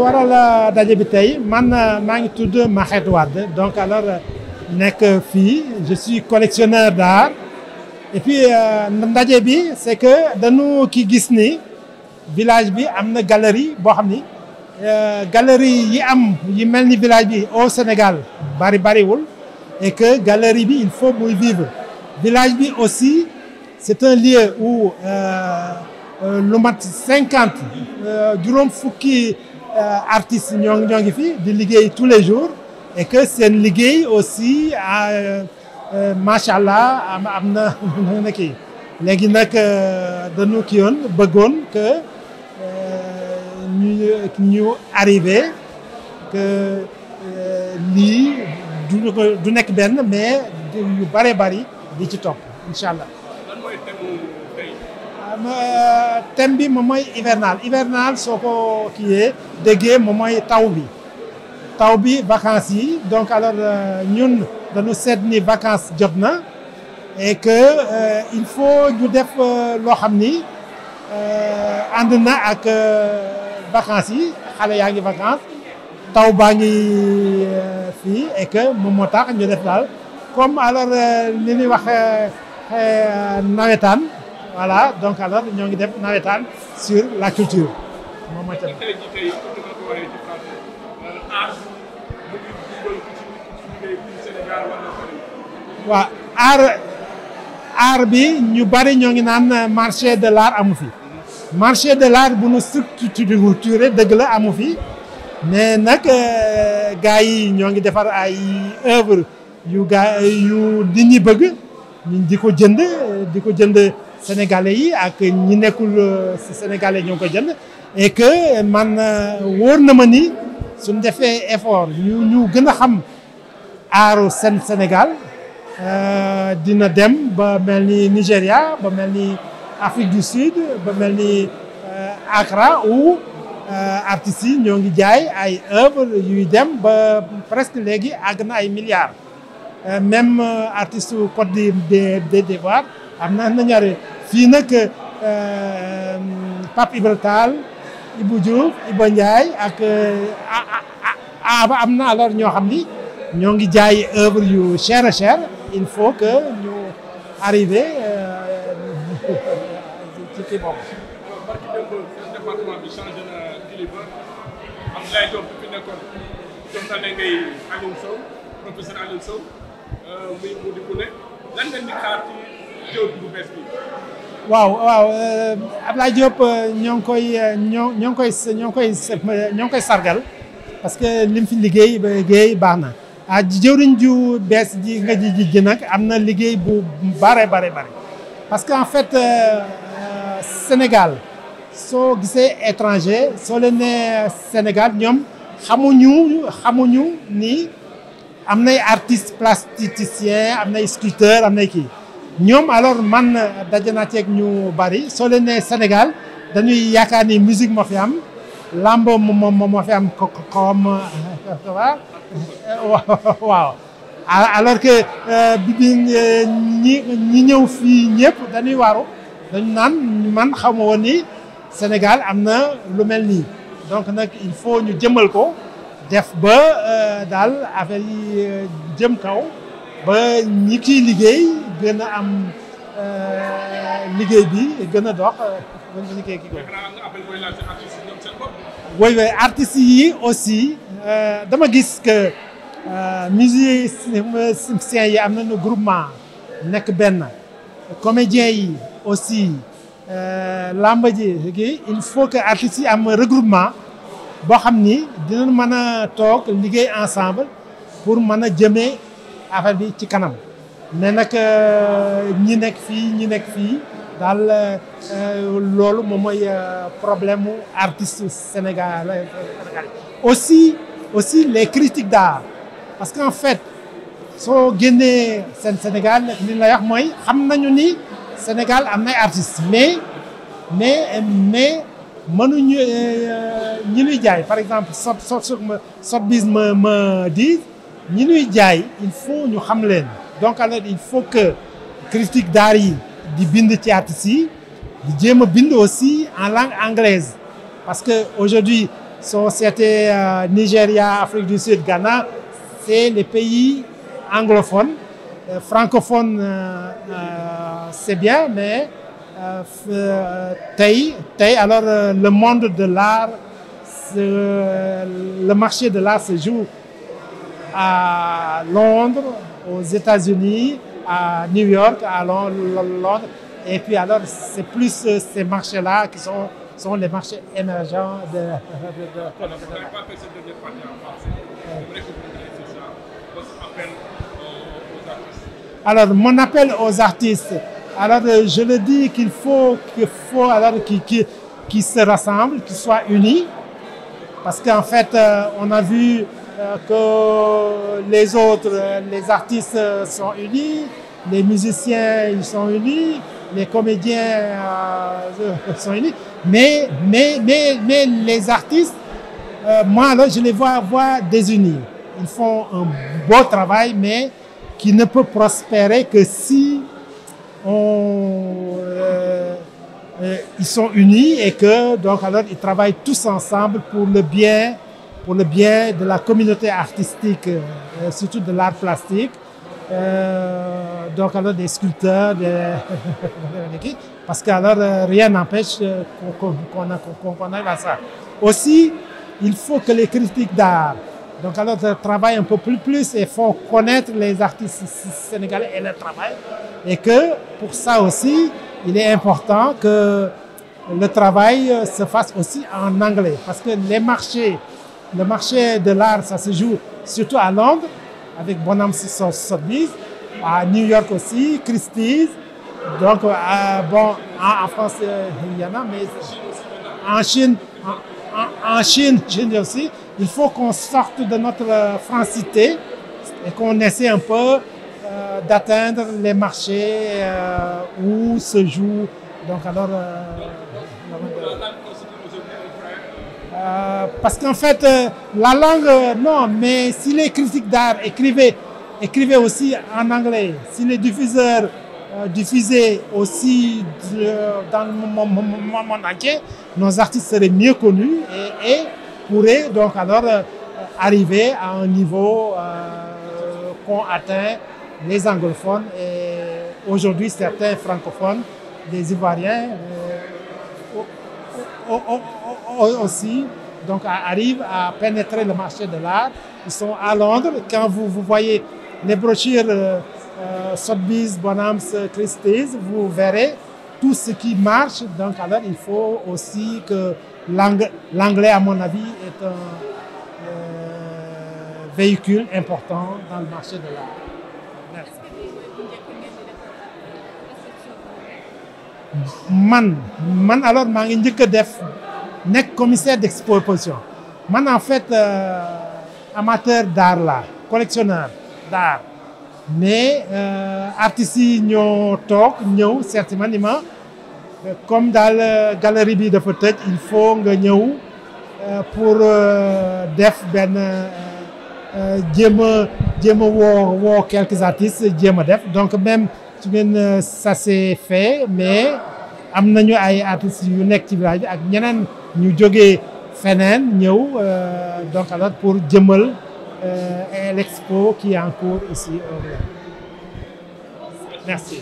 lu waral euh, daje bi tey man euh, maa ngi tudd Mahet Wade donc alors euh, nekk fii je suis collectionneur d'art et puis ndaje bi c'est que dañu ki gis ni village bi am na galerie boo xam ni galerie yi am yi mel ni village bi au Sénégal bari bariwul et que galerie bi il faut muy vivre village bi aussi c'est un lieu où lu mat cinquante juróom fukki Euh, artistes ñoo ngi ñoo ngi fi di liggéey tous les jours et que seen liggéey aussi ah, euh, euh, macha allah am am na na kii léegi nag dañu ki yoon bëggoon que ñu ñu arrivé que lii du nekk benn mais yu bare bari di ci topp incha thème bi moom mooy hivernal hivernal soo ko kiiyee déggee moom mooy taw bi taw bi vacances yi donc alors euh, ñun dañu seet ni vacances jot na et que euh, il faut ju def euh, loo xam ni ànd na ak vacances yi xale yaa ngi vacances taw baa ngi fii et que moom moo tax ñu def daal comme alors li ñuy wax nawetaan voilà donc alors ñoo ngi def nawetaan sur la culture aar aar bi ñu bari ñoo ngi naan marché de l'art amu fi marché de l'art bu nu structuré dëgg la amu fi mais nag euh, gars yi ñoo ngi defar ay œuvre yu gaa yu nit ñi bëgg ñu di ko jënd di ko jënd. sénégalais yi ak ñi nekkul euh, si sénégalais ñoo ko jën et que man euh, wóor na ma ni suñ defee effort ñu ñu gën a xam aaru seen Sénégal euh, dina dem ba mel ni Nigéria ba mel ni Afrique du Sud ba mel ni Accra où artistes yi ñoo ngi jaay ay œuvre yuy dem ba presque léegi àgg na ay milliards même artiste Côte d'Ivoire am na am na ñaari fii nag Pape Ibra Tall Ibou Diouf Iba Ndiaye ak Aba am na alors ñoo xam ni ñoo ngi jaay œuvre yu cher à cher il faut que ñu arrivé ci kii boobu. département bi changé na kilifa Abdoulaye Diop fi nekkoon jox na leen ngay Aliou Sow professeur Aliou Sow muy mu di ku ne lan nga di xaar ci Diop bu bees bi. waaw waaw eh, Abdoulaye Diop eh, ñoo koy eh, ñoo ñoo ngi koy ñoo ngi koy ñoo ngi koy sargal parce que lim fi liggéey ba liggéey baax na. ah jëwriñ ju bees ji nga ji ji nag am na liggéey bu bare bare bare parce que en fait Sénégal soo gisee étranger soo leen nee Sénégal ñoom xamuñu xamuñu ni am nay artistes plasticiens am nay sculpteurs am nay kii. ñoom alors man daje naa ñu bari soo leen nee Sénégal dañuy yaakaar ni musique moo fi am làmb moom fi am comme waaw alors que euh, bi ñi ñi ñëw fii ñëpp dañuy waaru dañu naan man xawma woon ni Sénégal am na lu mel nii donc nag il faut ñu jëmmal ko def ba euh, daal affaire yi euh, jëm kaw ba ñi ciy liggéey gën am euh, liggéey bi gën a dox gën a liggéey kii oui yi aussi euh, dama gis que euh, musiciens yi am nañu groupement nekk benn comédiens yi aussi làmb ji il faut que artistes yi am regroupement boo xam ni dinañ mën a toog liggéey ensemble pour mën a jëmee affaire bi ci kanam mais nag ñi nekk fii ñi nekk fii daal loolu moom mooy problème mu artiste Sénégal aussi les critiques d'art parce qu'en fait soo génnee seen Sénégal li lay wax mooy xam nañu ni Sénégal am na artiste mais mais mais mënuñu ñi ñuy jaay par exemple sob sob sob bis ma ma ñu ñuy jaay il faut ñu xam leen donc alors il faut que critique d'art yi di bind ci artistes yi di jéem a bind aussi en langue anglaise parce que aujourd'hui soo seetee euh, Nigéria Afrique du Sud Ghana c'est les pays anglophones euh, francophones euh, euh c'est bien mais euh, euh, tey tey alors le monde de l'art le marché de l'art se joue à Londres, aux États-Unis, à New York, à Londres. Et puis alors, c'est plus euh, ces marchés-là qui sont, sont les marchés émergents de... de, de, de alors, mon appel aux artistes, alors euh, je le dis qu'il faut qu'il faut alors qu'ils qu qu se rassemblent, qu'ils soient unis, parce qu'en fait, euh, on a vu Euh, que les autres, les artistes sont unis, les musiciens ils sont unis, les comédiens euh, sont unis, mais, mais, mais, mais les artistes, euh, moi là, je les vois avoir désunis. Ils font un beau travail, mais qui ne peut prospérer que si on, euh, euh, ils sont unis et que donc alors ils travaillent tous ensemble pour le bien pour le bien de la communauté artistique, euh, surtout de l'art plastique. Euh, donc alors des sculpteurs, des, parce que alors euh, rien n'empêche euh, qu'on qu qu arrive à ça. Aussi, il faut que les critiques d'art, donc alors euh, travaillent un peu plus, plus et font connaître les artistes sénégalais et leur travail. Et que pour ça aussi, il est important que le travail se fasse aussi en anglais, parce que les marchés Le marché de l'art, ça se surtout à Londres, avec Bonham Sotheby's, à New York aussi, Christie's. Donc, euh, en, en France, euh, il y en mais en Chine, en, Chine, il faut qu'on sorte de notre euh, francité et qu'on essaie un peu euh, d'atteindre les marchés où se joue. Donc, alors. Euh, parce qu'en fait, euh, la langue, euh, non, mais si les critiques d'art écrivaient, écrivaient aussi en anglais, si les diffuseurs euh, diffusaient aussi dans le monde entier, nos artistes seraient mieux connus et, et pourraient donc alors euh, arriver à un niveau euh, qu'ont atteint les anglophones et aujourd'hui certains francophones, des Ivoiriens. aussi donc, arrivent à pénétrer le marché de l'art. Ils sont à Londres. Quand vous, vous voyez les brochures euh, euh Sotheby's, Bonhams, Christie's, vous verrez tout ce qui marche. Donc, alors, il faut aussi que l'anglais, à mon avis, est un euh, véhicule important dans le marché de l'art. Merci. man man alors maa ngi njëkk a def nekk commissaire d'exposition man en fait euh, amateur d'art la collectionneur d'art mais euh, yi ñoo toog ñëw certainement ni ma euh, comme daal euh, galerie bi dafa tëj il faut nga ñëw euh, pour def benn jéem a jéem a woo woo quelques artistes jéem a def donc même su ngeen sase euh, fee mais am nañu ay artistes yu nekk ci village bi ak ñeneen ñu jógee feneen ñëw euh, donc alors pour jëmal euh, l'expo qui est en cours ici au Merci,